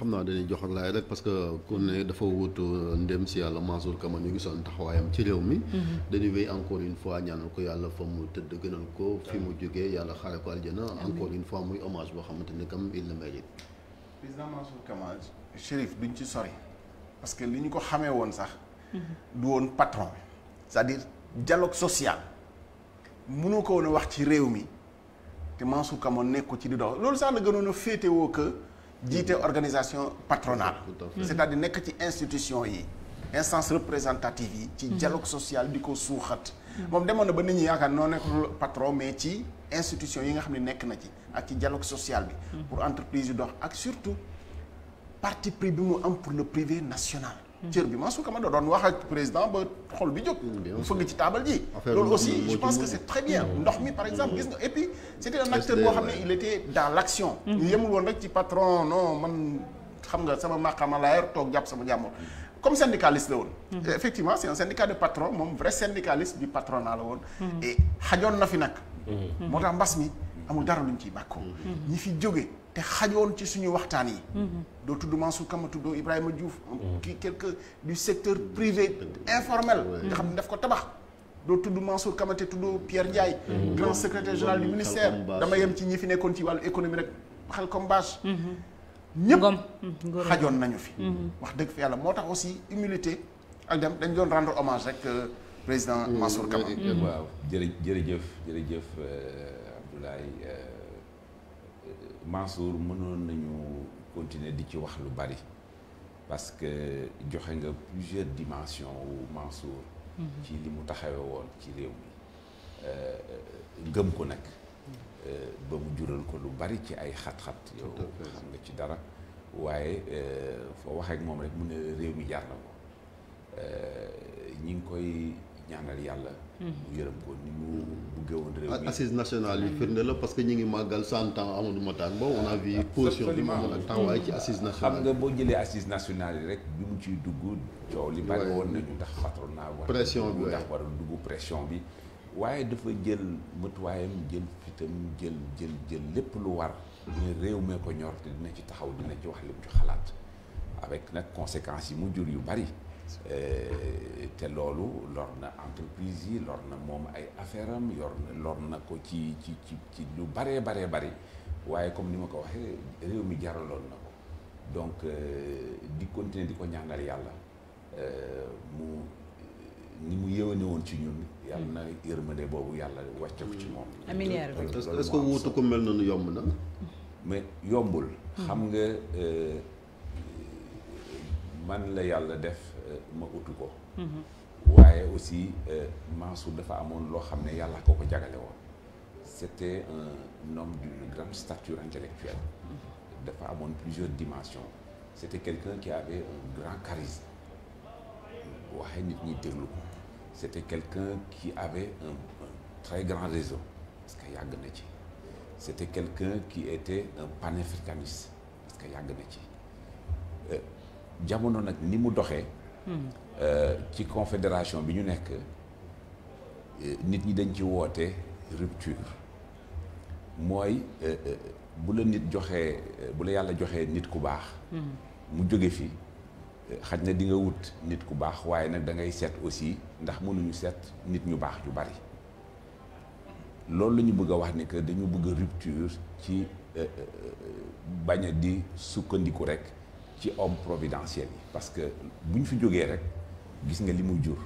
xam naa dañuy jox ak laay rek parce que ku ne dafa wutu euh, ndem si yàlla Mansour Kama ñu gisoon taxawaayam ci réew mi. Mm-hmm. dañuy wéy encore une fois ñaanal ko yàlla fa mu tëdd gënal ko fi mu jógee yàlla xaare ko aljana encore une fois muy hommage boo xamante ne kam il le mérite. président Mansour Kama mm-hmm. dialogue social. mënoo ko woon a wax ci réew mi te Mansour Kama nekk ko ci di dox loolu sax la gënoon a féetewoo que. jiite organisation patronale cest à di nekk ci institution yi instance représentative yi ci dialogue social di ko suuxat moom demoon na ba nit ñi yaakaar noo nekkul patron mais ci institution yi nga xam ne nekk na ci ak ci dialogue social bi mm. pour entreprise yu dox ak surtout parti prix bi mu am pour le privé national cër bi Mansour Camara doon wax a président ba xol bi jóg. fëgg ci taabal ji. loolu aussi je pense que c' est très bien. ndox mi par exemple gis nga et puis. c' était un acteur boo xam ne il était dans l' action. Mm-hmm. yemul woon rek ci patron non man xam nga sama maqaama laa yor toog jàpp sama jàmbur. comme syndicaliste la woon. Mm-hmm. effectivement c' un syndicat de patron moom vrai syndicaliste du patronat la woon. Mm-hmm. et xajoon na fi nag. moo tax mbas mi te xajoon ci suñu waxtaan yi. Mhm. doo tudd Mansour Kama tuddoo Ibrahima Diouf. Mhm. kii quelque du secteur privé informel. nga xam ne daf ko tabax. doo tudd Mansour Kama te tuddoo Pierre Ndiaye. grand secrétaire général du ministère. dama yem ci ñi fi nekkoon ci wàllu économie rek xel comme bâche. Mhm. ñëpp xajoon nañu fi. wax dëgg fa yàlla moo tax aussi humilité ak dem dañ doon rendre hommage rek euh, président Mansour Kama. waaw jërë jërëjëf jërëjëf euh, Abdoulaye. Euh, Mansour mënoon nañu continuer di ci wax lu bari parce que joxe nga plusieurs dimensions wu Mansour mhm. ci li mu taxawe woon ci réew mi euh, gëm ko nag euh, ba mu jural ko lu bari ci ay xat-xat yow xam nga ci dara waaye euh, foo waxee moom rek mu ne réew mi jaar na ko ñi ngi koy ñaanal yàlla ñu yërëm ko ni ñu buggee woon réew mi assise nationale yu firnde la parce que ñu ngi màggal cent ans Amadou Mahtar Mbow on a vu position bi mu amoon ak ci assise nationale xam nga boo jëlee assise nationale yi rek bi mu ciy dugg coow li bari woon nañu ndax patronat war pression bi ndax war dugg pression bi waaye dafa jël matuwaayam jël fitam jël jël jël lépp lu war ne réew mee ko ñor te dina ci taxaw dina ci wax li ci xalaat avec nag conséquences yi mu jur yu bari Eh, te loolu lor na entreprise yi lor na moom ay affaire am yor na lor na ko ci ci ci ci lu baree baree bari waaye comme ni ma ko waxee réew mi jaraloon na ko donc euh, di continuer di ko ñaanal yàlla euh, mu ni mu yéwéne woon ci ñun yàlla na yërmande boobu yàlla wàcce ko ci moom. Mm. amiin yaa rabbi est-ce ko mel noonu yomb na. mais yombul. Mm. xam nga euh, man la yàlla def. ma utu ko mhm. waaye aussi euh, Mansour dafa amoon loo xam ne yàlla koo ko jagale woon c'était un homme d'une grande stature intellectuelle mhm. dafa amoon plusieurs dimensions c'était quelqu'un qui avait un grand charisme waxee nit ñi déglu ko c'était quelqu'un qui avait un, un très grand réseau parce que yàgg na ci c'était quelqu'un qui était un panafricaniste parce que yàgg na ci euh, jamono nag ni mu doxee Euh, ci confédération bi ñu nekk euh, nit ñi dañ ci woote rupture mooy euh, bu la nit joxee bu la yàlla joxee nit ku baax mu jóge fi xaj na dinga wut nit ku baax waaye nag da ngay seet aussi ndax mënuñu seet nit ñu baax yu bari loolu lañu bëgg a wax ni que dañu bëgg rupture ci bañ di sukkandiku rek ci homme providentiel yi parce que bu ñu fi jógee rek gis nga li mu jur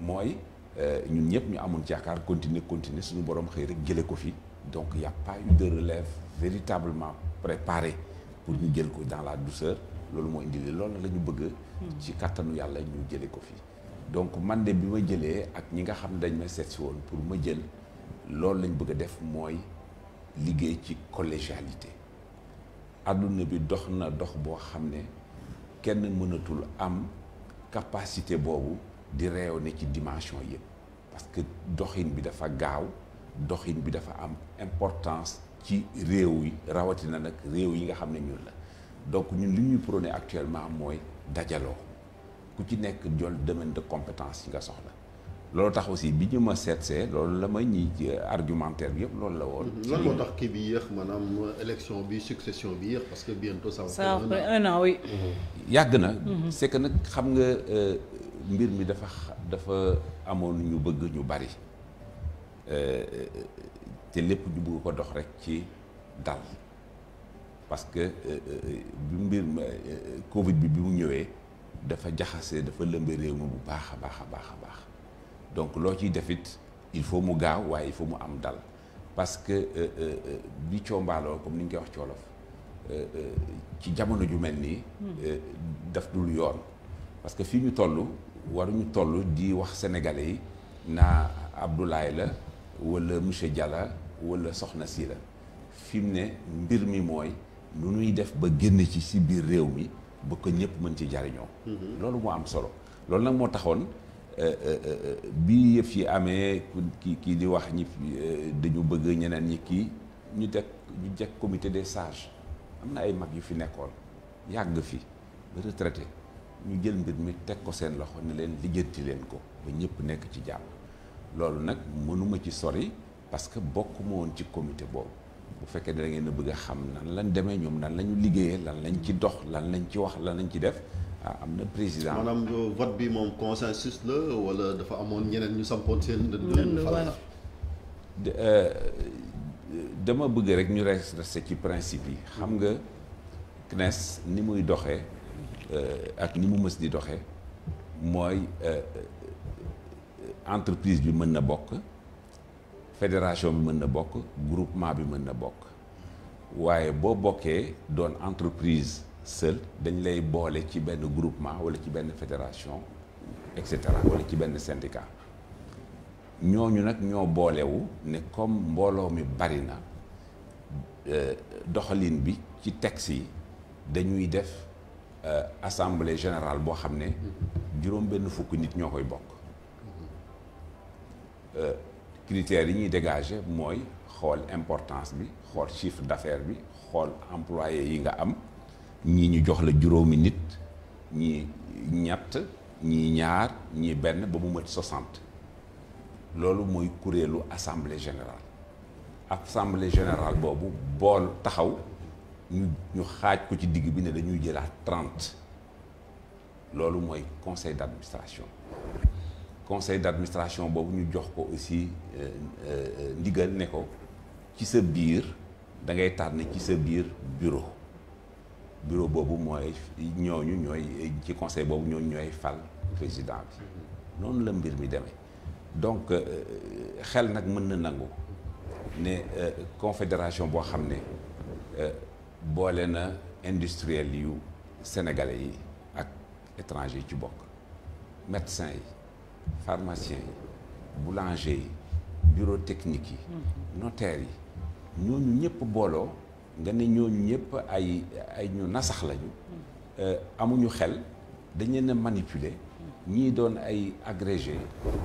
mooy euh, ñun ñëpp ñu amul ci yaakaar continuer continuer suñu borom xëy rek jële ko fi donc y a pas de relève véritablement préparée pour ñu jël ko dans la douceur loolu moo indi loolu na la ñu bëgg ci kattanu yàlla ñu jële ko fi donc man de bi ma jëlee ak ñi nga xam dañ ma seetsi woon pour ma jël loolu lañ bëgg a def mooy liggéey ci collégialité àdduna bi dox na dox boo xam ne kenn mënatul am capacité boobu di rayonner ci dimension yëpp parce que doxin bi dafa gaaw doxin bi dafa am importance ci réew yi rawatina nag réew yi nga xam ne ñun la donc ñun li ñuy prôné actuellement mooy dajaloo ku ci nekk jol domaine de compétence yi nga soxla loolu tax aussi bi ñu ma seetsee loolu la ma ñi argumentaire bi yëpp loolu la woon. lan moo tax kii bi yéex maanaam élection bi succession bi yéex parce bi bientôt ça va faire un an oui. Mm-hmm. yàgg na. Mm-hmm. c'est que nag xam nga euh, mbir mi dafa dafa amoon ñu bëgg ñu bari euh, euh, te lépp ñu bëgg ko dox rek ci dal parce que bi mbir Covid bi bi mu ñëwee dafa jaxase dafa lëmbe réew mi bu baax a baax a baax a baax. donc loo ciy def it il faut mu gaaw waaye il faut mu am dal parce que euh, euh, euh, bi combaaloo comme ni ñu koy wax coolof ci jamono ju mel nii hmm. daf dul yoon parce que fii ñu toll waruñu toll di wax sénégalais yi naa Abdoulaye la wala monsieur Diala walla soxna si la fi mu ne mbir mi mooy lu nuy def ba génn ci si biir réew mi ba ko ñëpp mën ci jariñoo hmm. loolu moo am solo loolu nag moo taxoon Euh, euh, euh, bi yëf yi amee ki kii di wax ñi dañu bëgg ñeneen ñi kii ñu de ñu jeg comité des sages am na ay mag yu fi nekkoon yàgg fi ba retraité ñu jël mbir mi teg ko seen loxo ne leen lijjanti leen ko ba ñëpp nekk ci jàmm loolu nag mënuma ci sori parce que bokkuma woon ci comité boobu bu fekkee ne da ngeen bëgg a xam nan lañ demee ñoom nan lañu liggéeyee lan lañ ci dox lan lañ ci wax lan lañ ci def ah am na président maanaam euh, vote bi moom consensus la wala dafa amoon ñeneen ñu sampoon seen. dënd euh, dama bëgg rek ñu rester ci principe yi. xam nga CNES ni muy doxee euh, ak ni mu mës di doxee mooy entreprise bi mën na bokk fédération bi mën na bokk groupement bi mën na bokk waaye boo bokkee doon entreprise. seul dañ lay boole ci benn groupement wala ci benn fédération et cetera wala ci benn syndicat ñooñu nag ñoo boolewu ne comme mbooloo mi bari na euh, doxalin bi ci texte yi dañuy def euh, assemblée général boo xam ne juróom benn fukk nit ñoo koy bokk euh, critères yi ñuy dégager mooy xool importance bi xool chiffre d'affaires bi xool employé yi nga am ñii ñu jox la juróomi nit ñii ñett ñi ñaar ñii benn ba mu mat soixante loolu mooy kuréelu assemblée générale assemblée général boobu bool taxaw ñu xaaj ko ci digg bi ne dañuy jëlaat trente loolu mooy conseil d'administration conseil d'administration boobu ñu jox ko aussi euh, euh, euh, ndigal ne ko ci sa biir da ngay tànn ci sa biir bureau bureau boobu mooy ñooñu ñooy ci conseil boobu ñooñu ñooy fal président bi noonu la mbir mi demee donc euh, xel nag mën na nangu ne euh, confédération boo xam ne euh, boole na industriel yu sénégalais yi ak étranger yi ci bokk médecin yi pharmacien yi boulanger yi bureau technique yi mm-hmm. notaire yi ñooñu ñëpp booloo nga ne ñooñu ñëpp ay ay ñu nasax lañu euh, amuñu xel dañ leen a manipuler ñii doon ay agrégé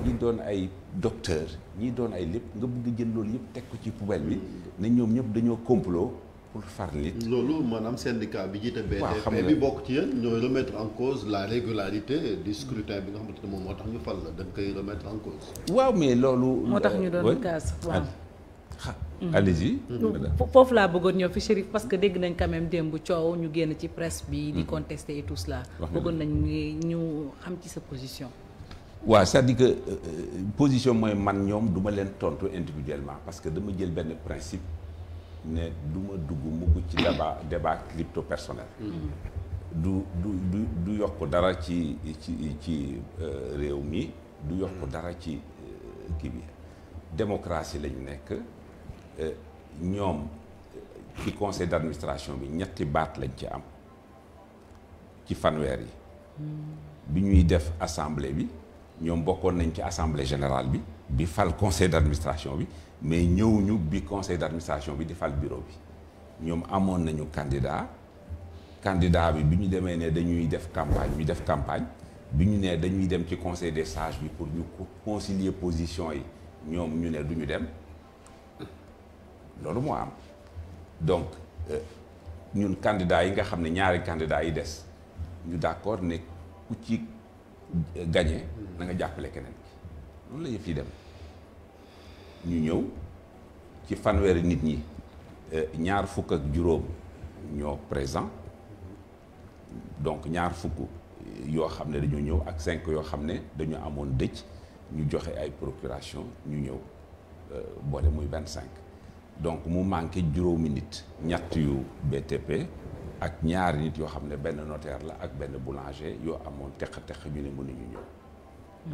ñii doon ay docteur ñii doon ay lépp nga bëgg jël loolu yëpp teg ko ci poubelle bi ne ñoom ñëpp dañoo complot pour far nit. loolu maanaam syndicat bi jiite BTP bi bokk ci yéen ñooy remettre en cause la régularité du scrutin bi nga xamante ne moom moo tax ñu fal la dañ koy remettre en cause. waaw mais loolu. moo tax ñu euh, doon gaz waaw. Ah, Mhm. allez yi foofu laa bëggoon ñëw fi Chérif parce que dégg nañ quand même démb coow ñu génn ci presse bi. di mhm. contester et tout cela. bëggoon nañ ñu xam ci sa position. waa cest di dire que euh, euh, position mooy man ñoom duma leen tontu individuellement parce que dama jël benn principe ne du ma dugg mugg ci débat débat crypto personnel. Mhm. du du du du yokk dara ci ci ci euh, réew mi. du yokk dara ci kii bi démocratie lañu nekk. Euh, ñoom ci conseil d'administration bi ñetti baat lañ ci am ci fanweer yi hmm. bi ñuy def assemblée bi ñoom bokkoon nañ ci assemblée général bi bi fal conseil d'administration bi mais ñëwuñu bi conseil d'administration bi di fal bureau bi ñoom amoon nañu candidat candidat bi bi ñu demee ne dañuy def campagne ñu def campagne bi ñu nee dañuy dem ci conseil des sage bi pour ñu concilier position yi ñoom ñu ne duñu dem loolu moo am donc euh, ñun candidats yi nga xam ne ñaari candidats yi des ñu d'accord ne ku ci euh, gagné nanga jàppale keneen ki loolu la yëf dem ñu ñëw ci fanweeri nit ñi euh, ñaar fukk ak juróom ñoo présent donc ñaar fukk yoo xam ne dañoo ñëw ak cinq yoo xam ne dañu amoon dëj ñu joxe ay procuration ñu ñëw boole muy vingt cinq donc mu manqué juróomi nit ñett yu BTP ak ñaari nit yoo xam ne benn notaire la ak benn boulanger yoo amoon teq-teq ñu ne mun mënuñu ñëw.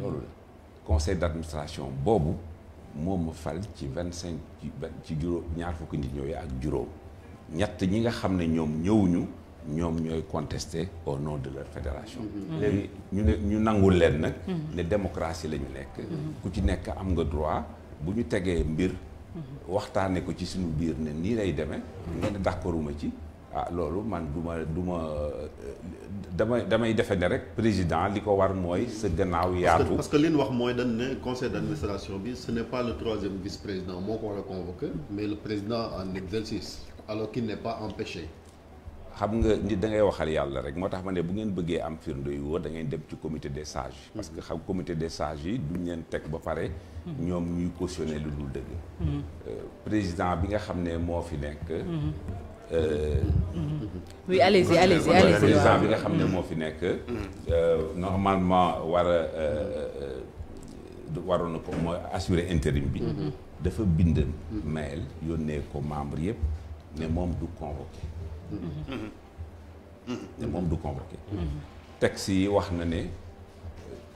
loolu la conseil d'administration boobu moo ma fal ci vingt cinq ci juróom ñaar fukki nit yi ak juróom ñett ñi nga xam ne ñoom ñëwuñu ñoom ñooy contester au non de leur fédération. Mm-hmm. léegi ñu ne ñu nangul leen nag. ne mm-hmm. démocratie la nekk. Mm-hmm. ku ci nekk am nga droit bu ñu tegee mbir. waxtaane ko ci suñu biir ne nii lay demee ngeen ne d'accorduma ci ah loolu man du ma du ma damay damay defe ne rek président li ko war mooy sa gannaaw yaatu parce que li wax mooy dañ ne conseil d'administration bi ce n'est pas le troisième vice-président moo ko war a convoqué mais le président en exercice alors qu'il n'est pas empêché xam nga nit da ngay waxal yàlla rek moo tax ma ne bu ngeen bëggee am firnde yu wóor da ngeen dem ci comité des sages. parce que xam comité des sages yi duñ leen teg ba pare. ñoom ñuy cautionner lu dul dëgg. Euh, président bi nga xam ne moo fi nekk. Euh, oui bi nga xam ne moo fi nekk. Euh, normalement war a waroon na ko mooy assurer intérim bi. Mm-hmm. dafa bind mail yónnee ko membre yëpp ne moom du convoqué. moom du convoqué texte yi wax na ne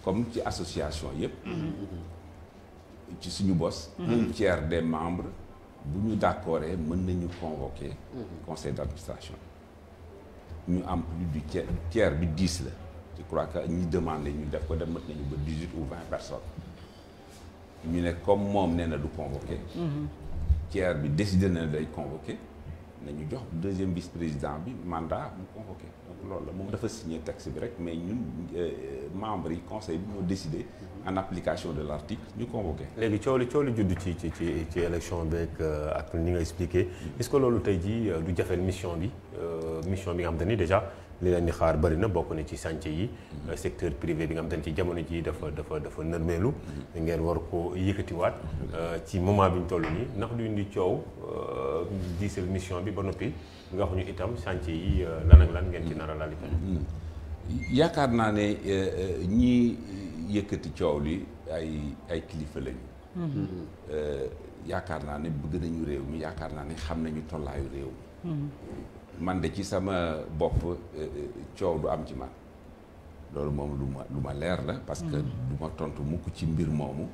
comme ci association yëpp ci suñu bos un de membre bu ñu d'accordee mën nañu convoquer conseil d'administration ñu am plus du tiers tiers bi diis la je crois que ñi demandé ñu def ko dem mën nañu ba dix-huit ou vingt personnes ñu ne comme moom nee na du convoquer tiers bi décidé na day convoquer nañu jox deuxième vice président bi mandat mu convoqué donc loolu la moom dafa signé texte bi rek mais ñun euh, euh, membre yi conseil bi ñoo décidé en application de l' article ñu convoqué. léegi coow li coow li judd ci ci ci ci élection beeg euh, ak ni nga expliqué mm. est ce que loolu tey jii du jafeel mission bi. mission bi nga xam te ni déjà li leen di xaar bëri na bokk na ci chantier yi euh, secteur privé bi nga xam te ci jamono ji dafa dafa dafa nërmeelu ngeen war ko yëkkatiwaat euh, ci moment bi ñu toll nii ndax du indi coow euh, diisal mission bi ba noppi nga xam ñu itam chantier yi lan ak lan ngeen ci nar a hmm. yaakaar naa ne ñii yëkkati coow li ay ay kilifa lañu hmm. yaakaar naa ne bëgg nañu réew mi yaakaar naa ne xam nañu tollaayu réew man de ci sama bopp euh, euh, coow du am ci man loolu moom lu ma lu ma leer la parce que mm. du ma tontu mukk ci mbir moomu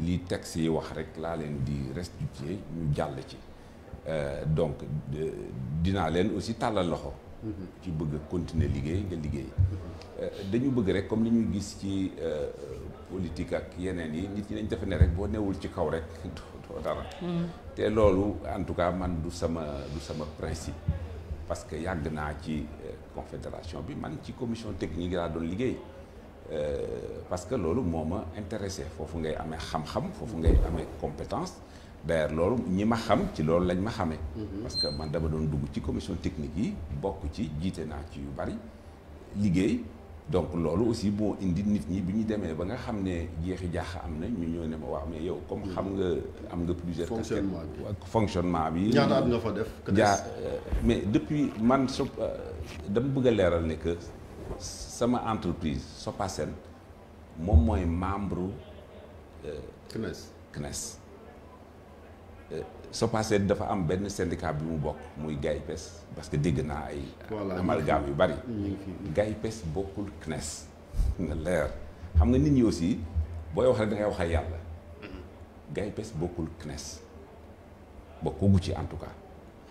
li texte yi wax rek laa leen di restituer ñu jàll ci euh, donc dinaa leen aussi tàllal loxo mm-hmm. ci bëgg a continuer liggéey nga liggéey dañu bëgg rek comme li ñu gis ci politique ak yeneen yi nit ñi dañ defe ne rek boo newul ci kaw rek doo dara mm. te loolu en tout cas man du sama du sama principe parce que yàgg naa ci euh, confédération bi man ci commission technique laa doon liggéey euh, parce que loolu moom ma intéressé foofu ngay amee xam-xam foofu ngay amee compétence d'ailleurs loolu ñi ma xam ci loolu lañ ma xamee. Mm-hmm. parce que man dama doon dugg ci commission technique yi bokk ci jiite naa ci yu bari liggéey. donc loolu aussi boo indi nit ñi bi ñu demee ba nga xam ne jeexi jaax am na ñu ñoo ne ma wax mais yow comme xam nga am nga plusieurs fonctionnement bi fonctionnement bi ñaata at nga fa def jaa euh, mais depuis man so euh, dama bëgg a leeral ne que sama entreprise Sopasen moom mooy membre euh, CNES CNES Euh, SOPACET dafa am benn syndicat bi mu bokk muy GAIPES parce que dégg naa ay. amalgame yu bari. GAIPES bokkul CNES. na leer xam nga nit ñi aussi booy wax rek da ngay wax ak yàlla. Mm-hmm. GAIPES bokkul CNES bokkugu ci en tout cas.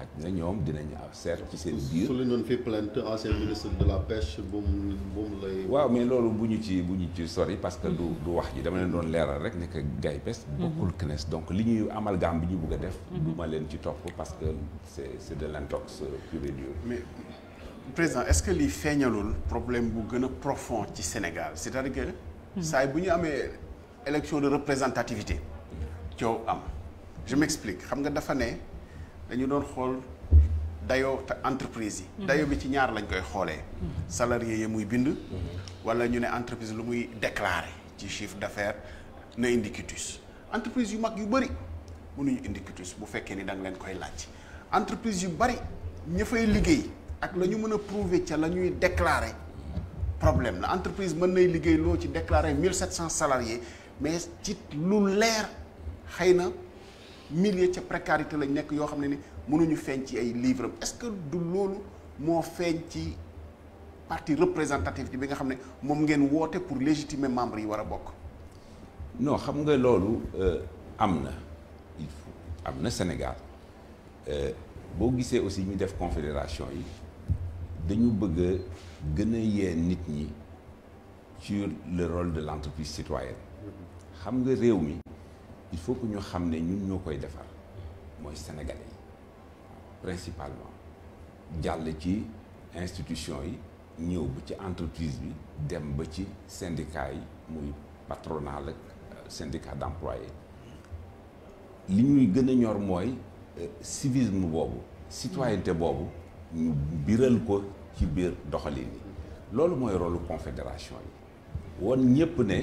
xaj na ñoom dinañu seet ci seen biir. su la ñu doon fi plainte ancien ministre de la pêche bu waaw mais loolu bu ñu ci bu ñu ci sori parce que du du wax ji dama leen doon leeral rek ne que GAIPES. Mhm. bokkul CNES donc li ñuy amalgame bi ñu bëgg a def. Mhm. du ma leen ci topp parce que c'est c'est de l'intox pur et mais président est-ce que lii feeñalul problème bu gën a profond ci Sénégal c'est-à-dire que. Mhm. saa bu ñu amee élection de représentativité. coow am je m'explique xam nga dafa ne. dañu doon xool dayoo entreprise yi. Mhm. dayoo bi ci ñaar lañ koy xoolee. Mhm. salarié yi muy bind. Mhm. wala ñu ne entreprise lu muy déclaré ci chiffre d'affaires na indi quitus entreprise yu mag yu bëri mënuñu indi quitus bu fekkee ni da nga leen koy laaj entreprise yu bëri ña liggéey ak la ñu mën a prouver ca la ñuy déclaré problème la entreprise mën nay liggéey loo ci déclaré 1700 salariés mais ci lu leer xëy na. milliers ca précarité lañ nekk yoo xam ne ni mënuñu feeñ ci ay livre est-ce que du loolu moo feeñ ci partie représentative bi nga xam ne moom ngeen woote pour légitimer membres yi war a bokk. non xam nga loolu euh, am na am na Sénégal euh, boo gisee aussi ñu def confédération yi dañu bëgg gën a yee nit ñi sur le rôle de l'entreprise citoyenne xam nga réew mi. il faut que ñu xam ne ñun ñoo koy defar mooy sénégalais yi principalement jàll ci institution yi ñëw ba ci entreprise bi dem ba ci syndicat yi muy patronal ak euh, syndicat d'employé li ñuy gën a ñor mooy euh, civisme boobu citoyenneté boobu ñu biral ko ci biir doxalin yi loolu mooy rôle confédération yi won ñépp ne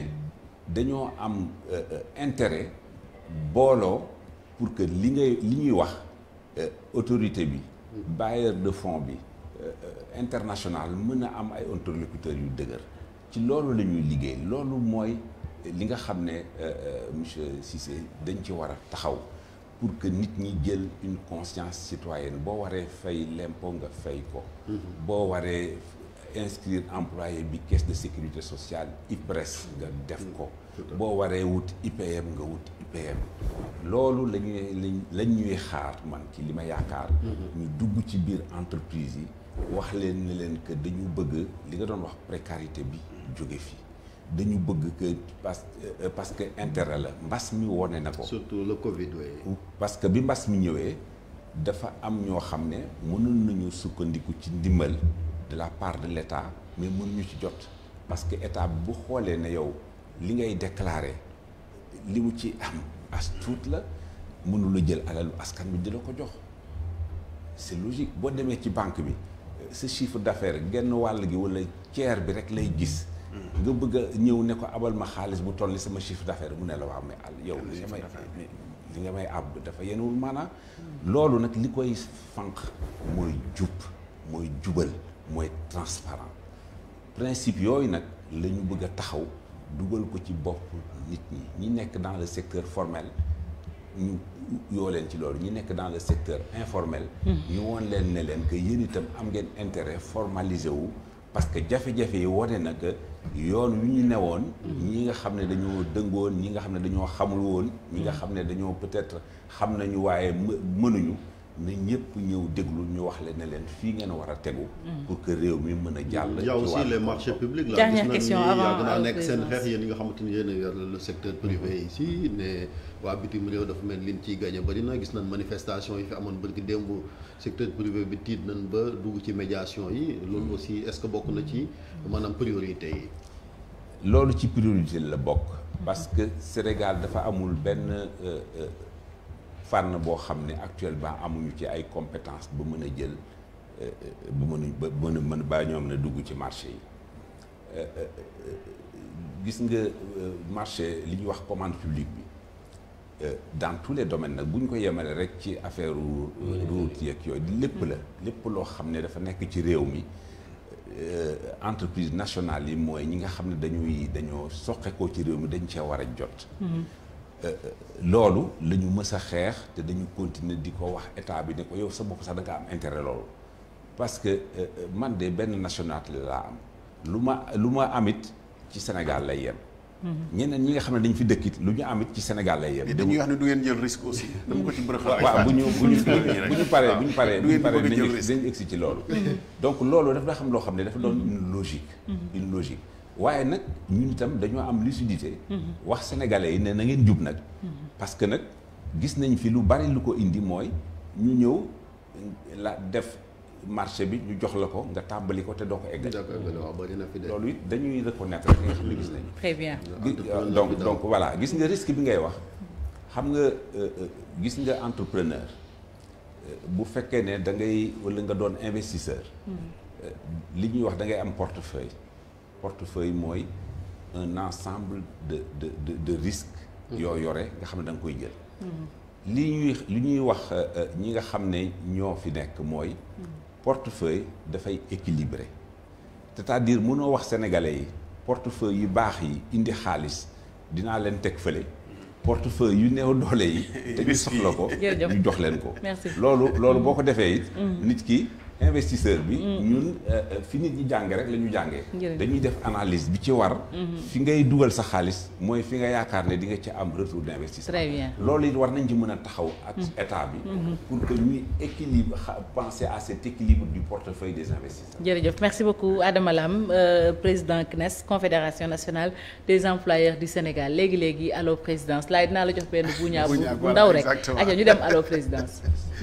dañoo am euh, intérêt booloo pour que li ngay li ñuy wax euh, autorité bi mm-hmm. bailleur de fonds bi euh, international mën a am ay interlocuteurs yu dëgër ci loolu lañuy liggéey loolu mooy li nga xam ne euh, monsieur Cissé dañ ci war a taxaw pour que nit ñi jël une conscience citoyenne boo waree fay l'impôt nga fay ko mm-hmm. boo waree inscrire employé bi caisse de sécurité sociale IPRES nga def ko boo waree wut IPM nga wut IPM loolu la lañ ñuy xaar man ci li ma yaakaar mhm. ñu dugg ci biir entreprise yi wax leen ne leen que dañu bëgg li nga doon wax précarité bi jóge fii dañu bëgg que parce euh, parce que intérêt la mbas mi wone na ko surtout le Covid parce que bi mbas mi ñëwee dafa am ñoo xam ne mënul nañu sukkandiku ci ndimbal de la part de l' état mais mënuñu ci jot parce que état bu xoolee ne yow li ngay déclarer li mu ci am as la mënula jël alalu askan bi di la ko jox c'est logique boo demee ci banque bi sa chiffre d'affaires genn wàll gi wala tiers bi rek lay gis. Mm. nga bëgg a ñëw ne ko abal ma xaalis bu toll ni sama chiffre daffaire mu ne la waaw àll yow li nga may li nga may àbb dafa yenuwul maanaam loolu nag li koy fànq mooy jub mooy jubal mooy transparent principe yooyu nag la ñu bëgg a taxaw dugal ko ci bopp nit ñi ñi nekk dans le secteur formel ñu yoo leen ci loolu ñi nekk dans le secteur informel hmm. ñu woon leen ne leen que itam am ngeen intérêt formalisé wu parce que jafe-jafe yi wane na que yoon wi ñu ne woon hmm. ñi nga xam ne dañoo dëngoon ñi nga xam ne dañoo xamul woon ñi nga hmm. xam ne dañoo peut-être xam nañu waaye mënuñu na ñëpp ñëw déglu ñu wax leen ne leen fii ngeen war a tegu. Mm. pour que réew mi mën a jàll. ci aussi les marchés publics. la gis nañu naa euh, nekk seen xeex yéen ñi nga xamante ni yéen a yor le secteur privé mm-hmm. ici ne waa bitim réew dafa mel ni ci ciy gagné na gis nañ manifestation yi fi amoon bërki démb secteur privé bi tiit nañ ba dugg ci médiation yi. loolu mm-hmm. aussi est-ce que bokk na ci mm-hmm. maanaam priorité yi. loolu ci priorité la bokk. parce que Sénégal dafa amul benn. Euh, euh, na boo xam ne actuellement amuñu ci ay compétence ba mën a jël euh, bu mënuñ ba mën a mën ba ñoom ne dugg ci marché yi euh, euh, gis nga marché li ñu wax commande publique bi dans tous les domaines nag bu ñu ko yemalee rek ci affaire route yeeg yooyu lépp la lépp loo xam ne dafa nekk ci réew mi entreprise nationale yi mooy ñi nga xam ne dañuy dañoo soqe ci réew mi dañ cee war a jot mm-hmm. loolu la ñu mës a xeex te dañu continuer di ko wax état bi ne ko yow sa bopp sax da nga am intérêt loolu parce que euh, euh, man de benn nationalité laa am lu ma lu ma amit ci Sénégal lay yem. Mhm. ñeneen ñi nga xam ne dañu fi dëkkit lu ñu amit ci Sénégal lay yem. dañuy wax ne du ngeen jël risque aussi. dama ko ci bëri xaar waaw bu ñu bu ñu bu ñu paree bu ñu paree bu ñu paree dañuy egsi ci loolu. donc loolu dafa xam loo xam ne dafa doon une logique. Mhm. une logique. waaye nag ñun itam dañoo am lucidité. wax sénégalais yi ne na ngeen jub nag. parce que nag gis nañ fi lu bari lu ko indi mooy ñu ñëw la def marché bi ñu jox la ko nga tàmbali ko te doo ko eggal. loolu it dañuy reconnaître li nga xam gis nañu. très bien. Euh, donc donc voilà gis nga risque bi ngay wax xam nga euh, euh, gis nga entrepreneur bu fekkee ne da ngay wala nga doon investisseur. Hmm. li ñuy wax da ngay am portefeuille. portefeuille mooy un ensemble de de de de risques. yoo mhm. yore nga xam ne danga koy jël. Mhm. li ñuy li ñuy wax euh, euh, ñi nga xam ne ñoo fi nekk mooy. Mhm. portefeuille dafay équilibré. c'est-à-dire mënoo wax sénégalais yi portefeuille yu baax yi indi xaalis dinaa leen teg fële. portefeuille yu néew doole yi. te ñu soxla ko ñu jox leen ko. loolu loolu boo ko defee it. nit ki. investisseur bi. Mm. ñun euh, euh, fi nit ñi jàng rek la ñu jàngee. dañuy def analyse bi ci war. Mm-hmm. fi ngay dugal sa xaalis mooy fi nga yaakaar ne di nga ci am retour d' investissement. très bien loolu war nañ ci mën a taxaw ak mm. état bi. Mm-hmm. pour que ñuy équilibre penser à cet équilibre du portefeuille des investisseurs. jërëjëf merci beaucoup Adama Lam euh, président CNES confédération nationale des employeurs du Sénégal léegi léegi allo présidence laay dinaa la jox benn buñaa bu ndaw rek. exactement ñu dem allo présidence.